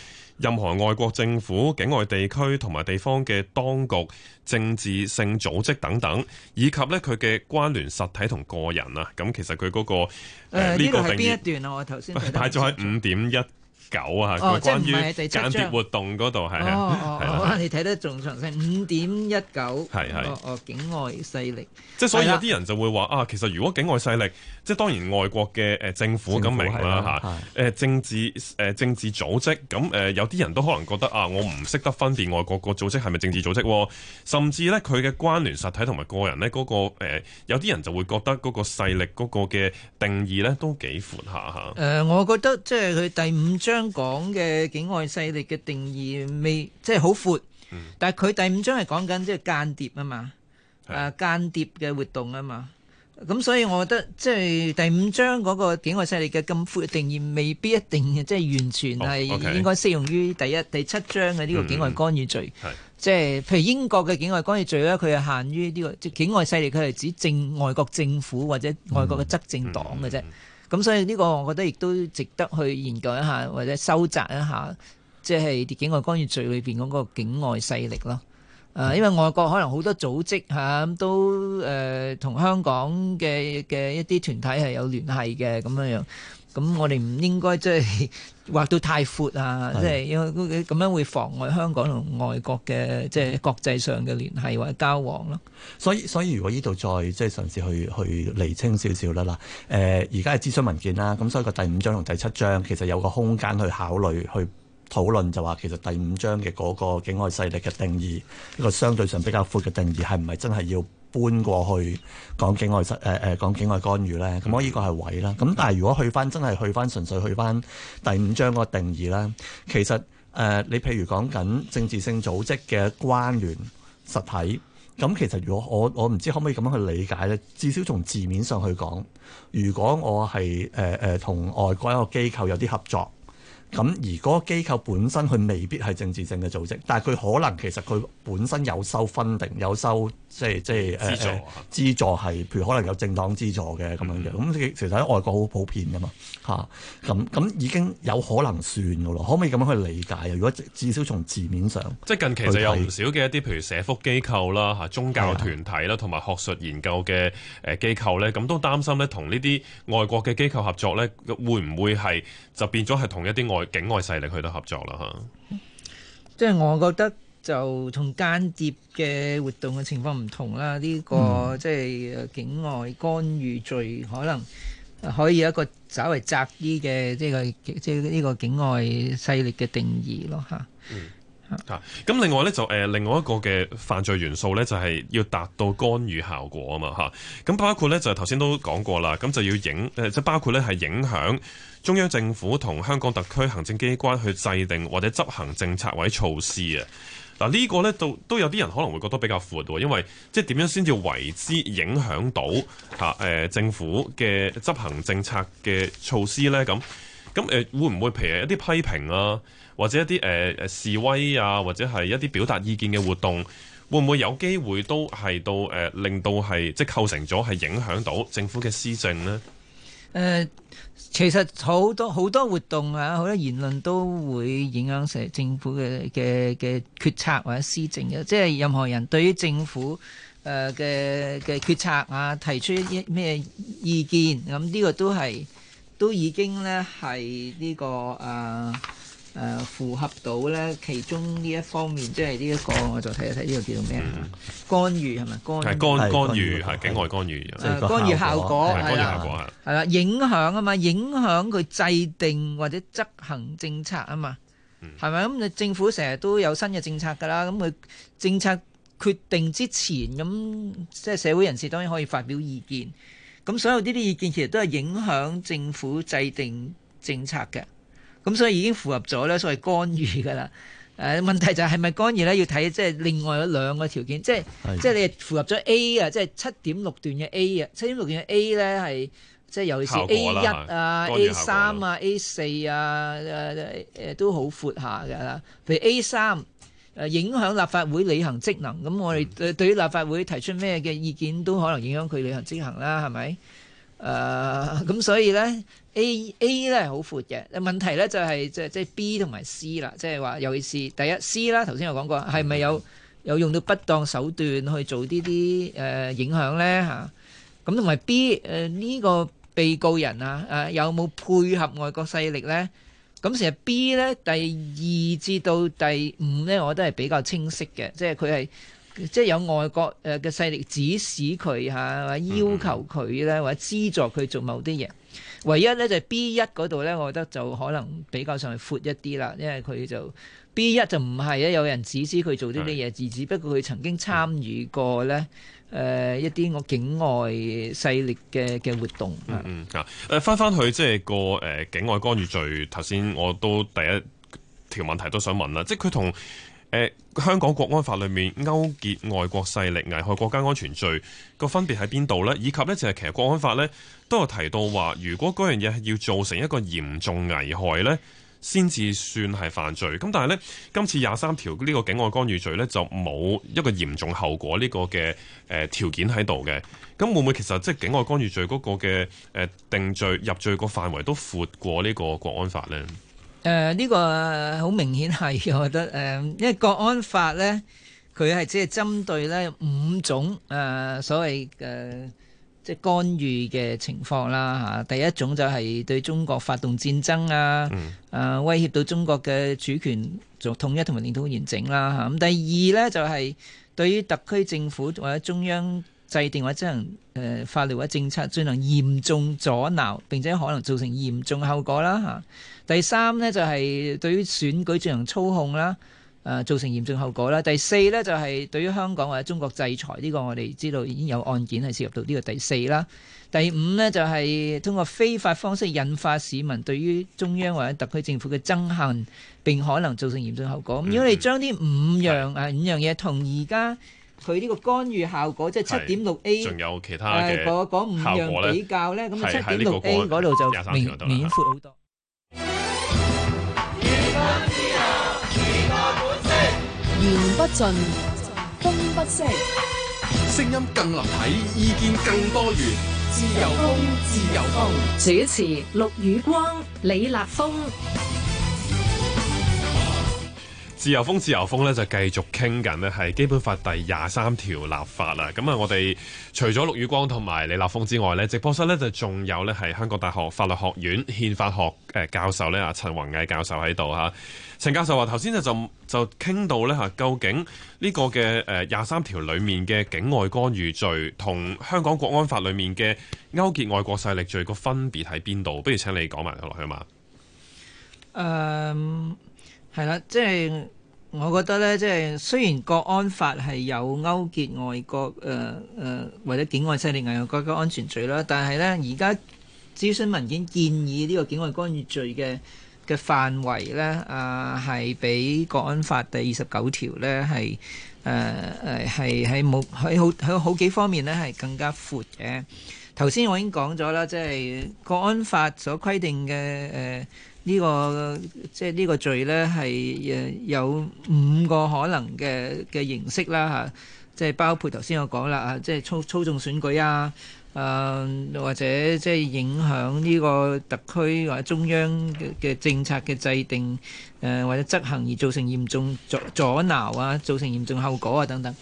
任何外國政府、境外地區同埋地方嘅當局、政治性組織等等，以及咧佢嘅關聯實體同個人啊，咁其實佢嗰、嗰個呢、呃、呢個係邊一段啊，我頭先擺咗喺五點一。九啊，佢關於間諜活動嗰度係可能你睇得仲詳細，五點一九係。係,哦，境外勢力，即係所以有啲人就會話啊，其實如果境外勢力，即係當然外國嘅誒政府咁明啦嚇，誒政治誒政治組織咁誒有啲人都可能覺得啊，我唔識得分辨外國個組織係咪政治組織，甚至咧佢嘅關聯實體同埋個人咧嗰個誒有啲人就會覺得嗰個勢力嗰個嘅定義咧都幾闊下嚇。誒，我覺得即係佢第五章。香港嘅境外勢力嘅定義未即係好闊，嗯、但係佢第五章係講緊即係間諜是的 啊嘛，誒間諜嘅活動啊嘛，咁所以我覺得即係第五章嗰個境外勢力嘅咁闊定義未必一定即係完全係應該適用於第一、哦 okay、第七章嘅呢個境外干預罪，即係、嗯、譬如英國嘅境外干預罪咧，佢係限於呢、呢個境外勢力，佢係指政外國政府或者外國嘅執政黨嘅啫。嗯嗯嗯。咁所以呢個，我覺得亦都值得去研究一下，或者收窄一下，即係啲境外干預罪裏邊嗰個境外勢力咯。誒、呃，因為外國可能好多組織嚇、啊、都誒同、呃、香港嘅嘅一啲團體係有聯繫嘅咁樣樣。咁我哋唔應該即係劃到太闊啊！即係的因為咁樣會妨礙香港同外國嘅即係國際上嘅聯繫或者交往咯。所以所以，如果呢度再即係、就是、嘗試去去釐清少少啦啦。誒、呃，而家係諮詢文件啦，咁所以個第五章同第七章其實有個空間去考慮去討論，就話其實第五章嘅嗰個境外勢力嘅定義一個相對上比較闊嘅定義，係唔係真係要？搬過去講境外實，誒誒講境外干預咧，咁我呢個係位啦。咁但係如果去翻真係去翻純粹去翻第五章嗰個定義咧，其實誒、呃、你譬如講緊政治性組織嘅關聯實體，咁其實如果我我唔知可唔可以咁樣去理解咧？至少從字面上去講，如果我係誒誒同外國一個機構有啲合作，咁而嗰個機構本身佢未必係政治性嘅組織，但係佢可能其實佢本身有收分定有收。即係即係誒資助係、呃，譬如可能有政黨資助嘅咁、嗯、樣嘅，咁其實喺外國好普遍噶嘛嚇。咁、啊、咁已經有可能算噶咯，可唔可以咁樣去理解啊？如果至少從字面上，即係近期就有唔少嘅一啲，譬如社福機構啦、嚇宗教團體啦，同埋的學術研究嘅誒機構咧，咁都擔心咧，同呢啲外國嘅機構合作咧，會唔會係就變咗係同一啲外境外勢力去到合作啦？嚇、啊。即係我覺得。就同間諜嘅活動嘅情況唔同啦，呢、這個、嗯、即係境外干預罪，可能可以有一個稍微窄啲嘅呢個即係呢個境外勢力嘅定義咯嚇。嚇咁、嗯啊啊、另外咧就誒、呃、另外一個嘅犯罪元素咧，就係、是、要達到干預效果嘛啊嘛嚇。咁包括咧就頭先都講過啦，咁就要影誒即係包括咧係影響中央政府同香港特區行政機關去制定或者執行政策或者措施啊。嗱，呢個呢到都有啲人可能會覺得比較闊喎，因為即係點樣先至為之影響到嚇誒、啊呃、政府嘅執行政策嘅措施呢？咁咁誒會唔會譬如一啲批評啊，或者一啲誒、呃、示威啊，或者係一啲表達意見嘅活動，會唔會有機會都係到誒、呃、令到係即係構成咗係影響到政府嘅施政呢？誒、呃。其實好多好多活動啊，好多言論都會影響成政府嘅嘅嘅決策或者施政嘅，即係任何人對於政府誒嘅嘅決策啊，提出一啲咩意見，咁、嗯、呢、呢個都係都已經呢係呢個誒。呃誒、呃、符合到咧，其中呢一方面，即係呢一個，我就睇一睇呢個叫做咩、嗯、干預係咪？干係干干預係是境外干預，即係的干預效果係啦，影響啊嘛，影響佢制定或者執行政策啊嘛，係咪咁？嗯、政府成日都有新嘅政策㗎啦，咁佢政策決定之前，咁即係社會人士當然可以發表意見，咁所有呢啲意見其實都係影響政府制定政策嘅。咁、嗯、所以已經符合咗咧，所謂干預嘅啦。誒、呃、問題就係咪干預咧？要睇即係另外兩個條件，即係的即係你符合咗 A 啊，即係七點六段嘅 A 啊，七點六段嘅 A 咧係即係尤其是 A 一啊、A 三啊、的 A 四啊誒、呃呃呃、都好闊下㗎啦。譬如 A 三誒、呃、影響立法會履行職能，咁我哋對對於立法會提出咩嘅意見都可能影響佢履行職能啦，係咪？誒咁、uh, 所以咧 A A 咧係好闊嘅問題咧就係即係即係 B 同埋 C,、就是、C 啦，即係話尤其是第一 C 啦，頭先又講過係咪有有用到不當手段去做啲啲誒影響咧嚇？咁同埋 B 誒、呃、呢、這個被告人啊啊有冇配合外國勢力咧？咁、啊、其實 B 咧第二至到第五咧我覺得係比較清晰嘅，即係佢係。即係有外國誒嘅勢力指使佢嚇，或者要求佢咧，或者資助佢做某啲嘢。嗯嗯唯一咧就係 B 一嗰度咧，我覺得就可能比較上係闊一啲啦，因為佢就 B 一就唔係咧，有人指使佢做啲啲嘢，而只是不過佢曾經參與過咧誒、嗯呃、一啲我境外勢力嘅嘅活動。嗯嗯啊翻翻去即係個誒境外干預罪，頭先我都第一條問題都想問啦，即係佢同。誒、呃、香港國安法裏面勾結外國勢力危害國家安全罪個分別喺邊度呢？以及呢，就係其實國安法呢都有提到話，如果嗰樣嘢係要造成一個嚴重危害呢，先至算係犯罪。咁但係呢，今次廿三條呢個境外干預罪呢，就冇一個嚴重後果呢個嘅誒、呃、條件喺度嘅。咁會唔會其實即係境外干預罪嗰個嘅誒、呃、定罪入罪個範圍都闊過呢個國安法呢？誒，呢、呃，這個好明顯係，我覺得誒、呃，因為國安法呢，佢係只係針對呢五種誒、呃、所謂嘅、呃、即係干預嘅情況啦吓。第一種就係對中國發動戰爭啊，誒、嗯呃、威脅到中國嘅主權、做統一同埋領土完整啦吓。咁第二呢，就係、是、對於特區政府或者中央制定或者執行誒法律或者政策，進行嚴重阻撓，並且可能造成嚴重後果啦吓。啊第三呢，就係、是、對於選舉進行操控啦，誒、呃、造成嚴重後果啦。第四呢，就係、是、對於香港或者中國制裁呢、這個，我哋知道已經有案件係涉及到呢、這個第四啦。第五呢，就係、是、通過非法方式引發市民對於中央或者特區政府嘅憎恨，並可能造成嚴重後果。咁、嗯、如果你將呢五樣誒是、啊、五樣嘢同而家佢呢個干預效果，即係七點六 A，仲有其他嘅效、那個、比較效呢，咁七點六 A 嗰度就明顯闊好多是。言不盡，風不息。聲音更立體，意見更多元。自由風，自由風。主持：陸宇光、李立峯。自由風自由風咧就繼續傾緊呢係基本法第廿三條立法啦。咁啊，我哋除咗陸宇光同埋李立峰之外呢直播室呢就仲有呢係香港大學法律學院憲法學誒教授呢，阿陳弘毅教授喺度嚇。陳教授話：頭先就就傾到呢，嚇，究竟呢個嘅誒廿三條裡面嘅境外干預罪同香港國安法裡面嘅勾結外國勢力罪個分別喺邊度？不如請你講埋落去嘛。誒。Um 係啦，即係我覺得呢，即係雖然國安法係有勾結外國、誒、呃、誒、呃、或者境外勢力危害國家安全罪啦，但係呢，而家諮詢文件建議呢個境外干預罪嘅嘅範圍呢，啊係比國安法第二十九條呢係誒誒係喺冇喺好喺好，好幾方面呢係更加闊嘅。頭先我已經講咗啦，即係國安法所規定嘅誒。呃呢、這個即係呢個罪呢係誒有五個可能嘅嘅形式啦嚇，即係包括頭先我講啦，即係操操縱選舉啊，誒或者即係影響呢個特區或者中央嘅政策嘅制定，誒、呃、或者執行而造成嚴重阻阻撓啊，造成嚴重後果啊等等。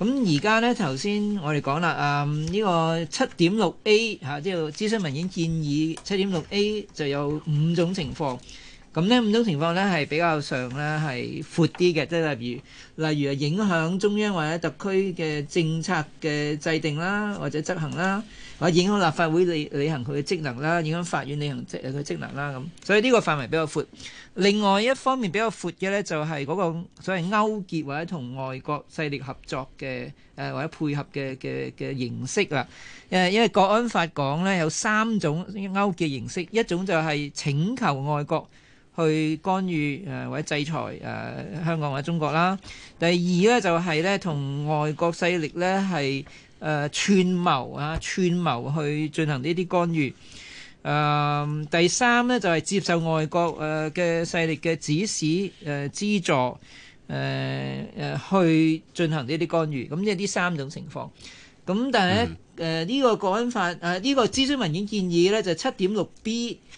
咁而家呢頭先我哋講啦，誒、嗯、呢、呢個七點六 A 嚇、啊，即係諮詢文件建議七點六 A 就有五種情況。咁、嗯、呢五種情況呢係比較上呢係闊啲嘅，即係例如例如係影響中央或者特區嘅政策嘅制定啦，或者執行啦。我影響立法會履履行佢嘅職能啦，影響法院履行職佢職能啦，咁所以呢個範圍比較闊。另外一方面比較闊嘅咧，就係嗰個所謂勾結或者同外國勢力合作嘅誒、呃、或者配合嘅嘅嘅形式啦。誒、呃，因為國安法講咧有三種勾結形式，一種就係請求外國去干預誒、呃、或者制裁誒、呃、香港或者中國啦。第二咧就係咧同外國勢力咧係。誒、uh, 串謀啊，串謀去進行呢啲干預。誒、uh, 第三呢，就係、是、接受外國誒嘅、uh, 勢力嘅指使、誒、呃，資助誒誒、呃、去進行呢啲干預。咁即係呢啲三種情況。咁但係咧誒呢、嗯呃這個國安法啊，呢、呃這個諮詢文件建議呢，就七點六 B、嗯。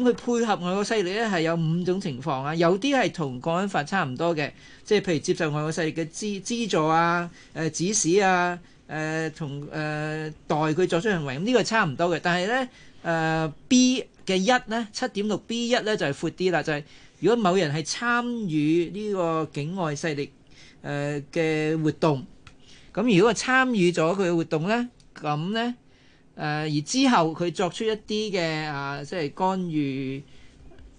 咁佢配合外國勢力咧係有五種情況啊。有啲係同國安法差唔多嘅，即係譬如接受外國勢力嘅資資助啊、誒、呃、指使啊。誒、呃、同誒、呃、代佢作出行為，咁、這、呢個差唔多嘅。但係咧，誒、呃、B 嘅一咧，七點六 B 一咧就係闊啲啦，就係、是就是、如果某人係參與呢個境外勢力誒嘅、呃、活動，咁如果係參與咗佢嘅活動咧，咁咧誒而之後佢作出一啲嘅啊，即係干預，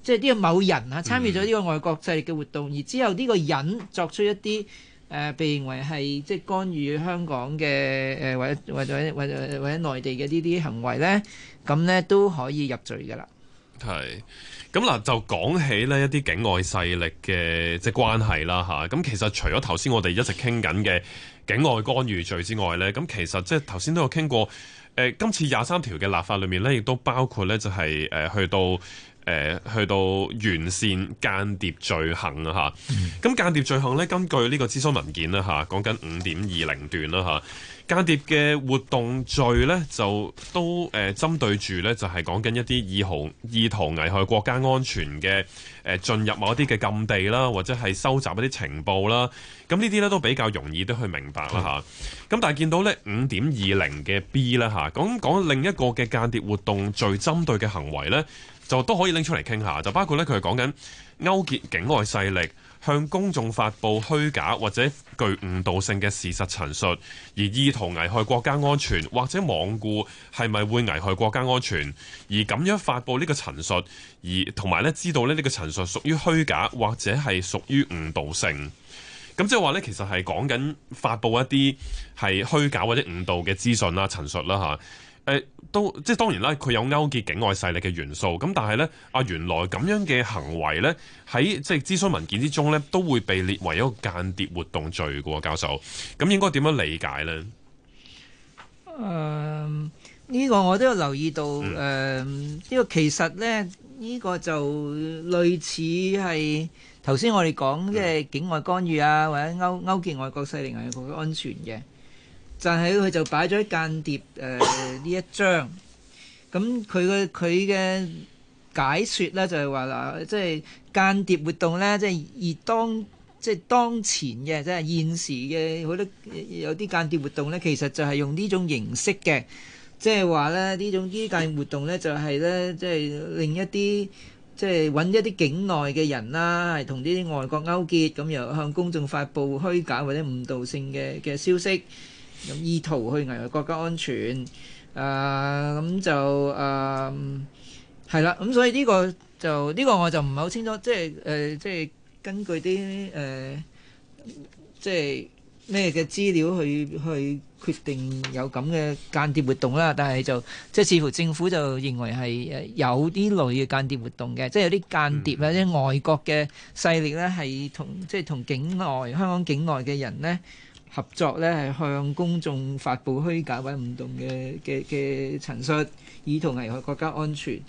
即係呢個某人啊參與咗呢個外國勢力嘅活動，嗯、而之後呢個人作出一啲。誒、呃、被認為係即係干預香港嘅誒、呃，或者或者或者或者內地嘅呢啲行為咧，咁咧都可以入罪噶啦。係，咁嗱就講起呢一啲境外勢力嘅即係關係啦嚇。咁其實除咗頭先我哋一直傾緊嘅境外干預罪之外咧，咁其實即係頭先都有傾過。誒、呃，今次廿三條嘅立法裏面咧，亦都包括咧就係、是、誒、呃、去到。誒去到完善間諜罪行啊！嚇，咁、嗯、間諜罪行咧，根據呢個諮詢文件啦嚇，講緊五點二零段啦嚇，間諜嘅活動罪咧，就都誒、呃、針對住咧，就係講緊一啲意毫意圖危害國家安全嘅誒、呃、進入某一啲嘅禁地啦，或者係收集一啲情報啦。咁呢啲咧都比較容易都去明白啦嚇。咁、嗯、但係見到呢五點二零嘅 B 咧嚇，講講另一個嘅間諜活動罪針對嘅行為咧。就都可以拎出嚟傾下，就包括咧佢係講緊勾結境外勢力，向公眾發布虛假或者具誤導性嘅事實陳述，而意圖危害國家安全或者罔顧係咪會危害國家安全，而咁樣發布呢個陳述，而同埋咧知道咧呢個陳述屬於虛假或者係屬於誤導性，咁即係話咧其實係講緊發布一啲係虛假或者誤導嘅資訊啦、啊、陳述啦、啊、嚇，誒、哎。都即係當然啦，佢有勾結境外勢力嘅元素，咁但係咧，啊原來咁樣嘅行為咧，喺即係諮詢文件之中咧，都會被列為一個間諜活動罪嘅，教授，咁應該點樣理解咧？誒、呃，呢、這個我都有留意到，誒、嗯，呢、呃這個其實咧，呢、這個就類似係頭先我哋講即係境外干預啊，嗯、或者勾勾結外國勢力危害國家安全嘅。就係佢就擺咗間諜誒呢一章，咁佢嘅佢嘅解説呢，就係話嗱，即係間諜活動呢，即係而當即係當前嘅，即係現時嘅好多有啲間諜活動呢，其實就係用呢種形式嘅，即係話呢呢種呢啲間諜活動呢，就係呢，即係另一啲即係揾一啲境內嘅人啦，係同呢啲外國勾結，咁又向公眾發布虛假或者誤導性嘅嘅消息。咁意圖去危害國家安全，啊咁就嗯係啦，咁、啊、所以呢個就，就、這、呢個，我就唔係好清楚，即係誒、呃，即係，根據啲誒、呃，即係咩嘅資料去去決定有咁嘅間諜活動啦。但係，就即係似乎政府就認為係誒有啲類嘅間諜活動嘅，即係有啲間諜啦，即係外國嘅勢力咧，係同即係同境外香港境外嘅人咧。合作咧，係向公眾發佈虛假或唔同嘅嘅嘅陳述，以圖危害國家安全。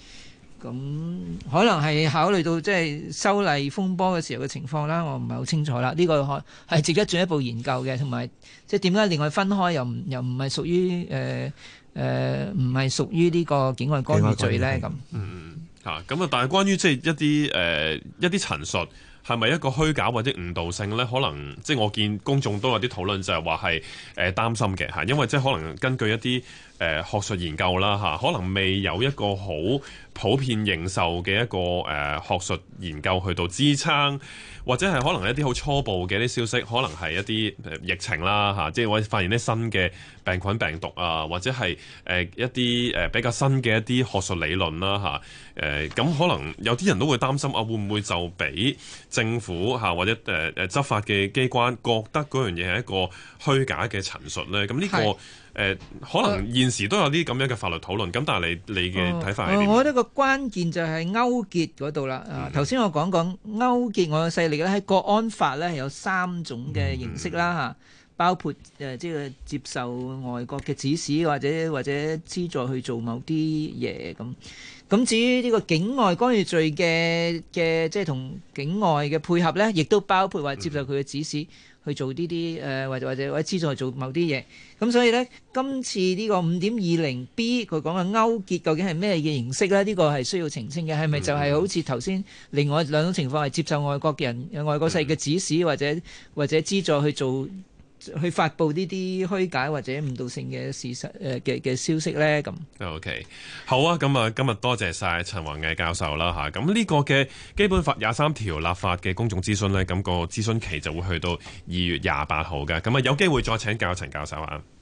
咁可能係考慮到即係修例風波嘅時候嘅情況啦，我唔係好清楚啦。呢、這個係係值得進一步研究嘅，同埋即係點解另外分開又唔又唔係屬於誒誒唔係屬於呢個境外干預罪咧？咁嗯嗯嚇咁啊！但係關於即係一啲誒、呃、一啲陳述。係咪一個虛假或者誤導性呢？可能即係我見公眾都有啲討論就是是，就係話係誒擔心嘅嚇，因為即係可能根據一啲誒、呃、學術研究啦嚇，可能未有一個好普遍認受嘅一個誒、呃、學術研究去到支撐，或者係可能一啲好初步嘅一啲消息，可能係一啲、呃、疫情啦嚇、啊，即係我發現啲新嘅病菌病毒啊，或者係誒、呃、一啲誒、呃、比較新嘅一啲學術理論啦嚇，誒、啊、咁、呃、可能有啲人都會擔心啊，會唔會就俾？政府嚇或者誒誒執法嘅機關覺得嗰樣嘢係一個虛假嘅陳述咧，咁呢、呢個誒是、呃、可能現時都有啲咁樣嘅法律討論，咁但係你你嘅睇法係點？我覺得個關鍵就係勾結嗰度啦。頭先、嗯、我講講勾結我嘅勢力咧，喺國安法咧係有三種嘅形式啦嚇，嗯、包括誒即係接受外國嘅指使，或者或者資助去做某啲嘢咁。咁至於呢個境外干預罪嘅嘅，即係同境外嘅配合咧，亦都包括話接受佢嘅指使去做呢啲誒，或者或者或者資助去做某啲嘢。咁所以咧，今次呢個五點二零 B，佢講嘅勾結究竟係咩嘅形式咧？呢、呢個係需要澄清嘅，係咪就係好似頭先另外兩種情況，係接受外國人、外國勢嘅指使或者或者資助去做？去發布呢啲虛假或者誤導性嘅事實誒嘅嘅消息咧咁。O、okay. K 好啊，咁啊今日多謝晒陳弘毅教授啦嚇。咁、啊、呢個嘅基本法廿三條立法嘅公眾諮詢咧，咁、個諮詢期就會去到二月廿八號嘅。咁、那、啊、個、有機會再請教陳教授啊。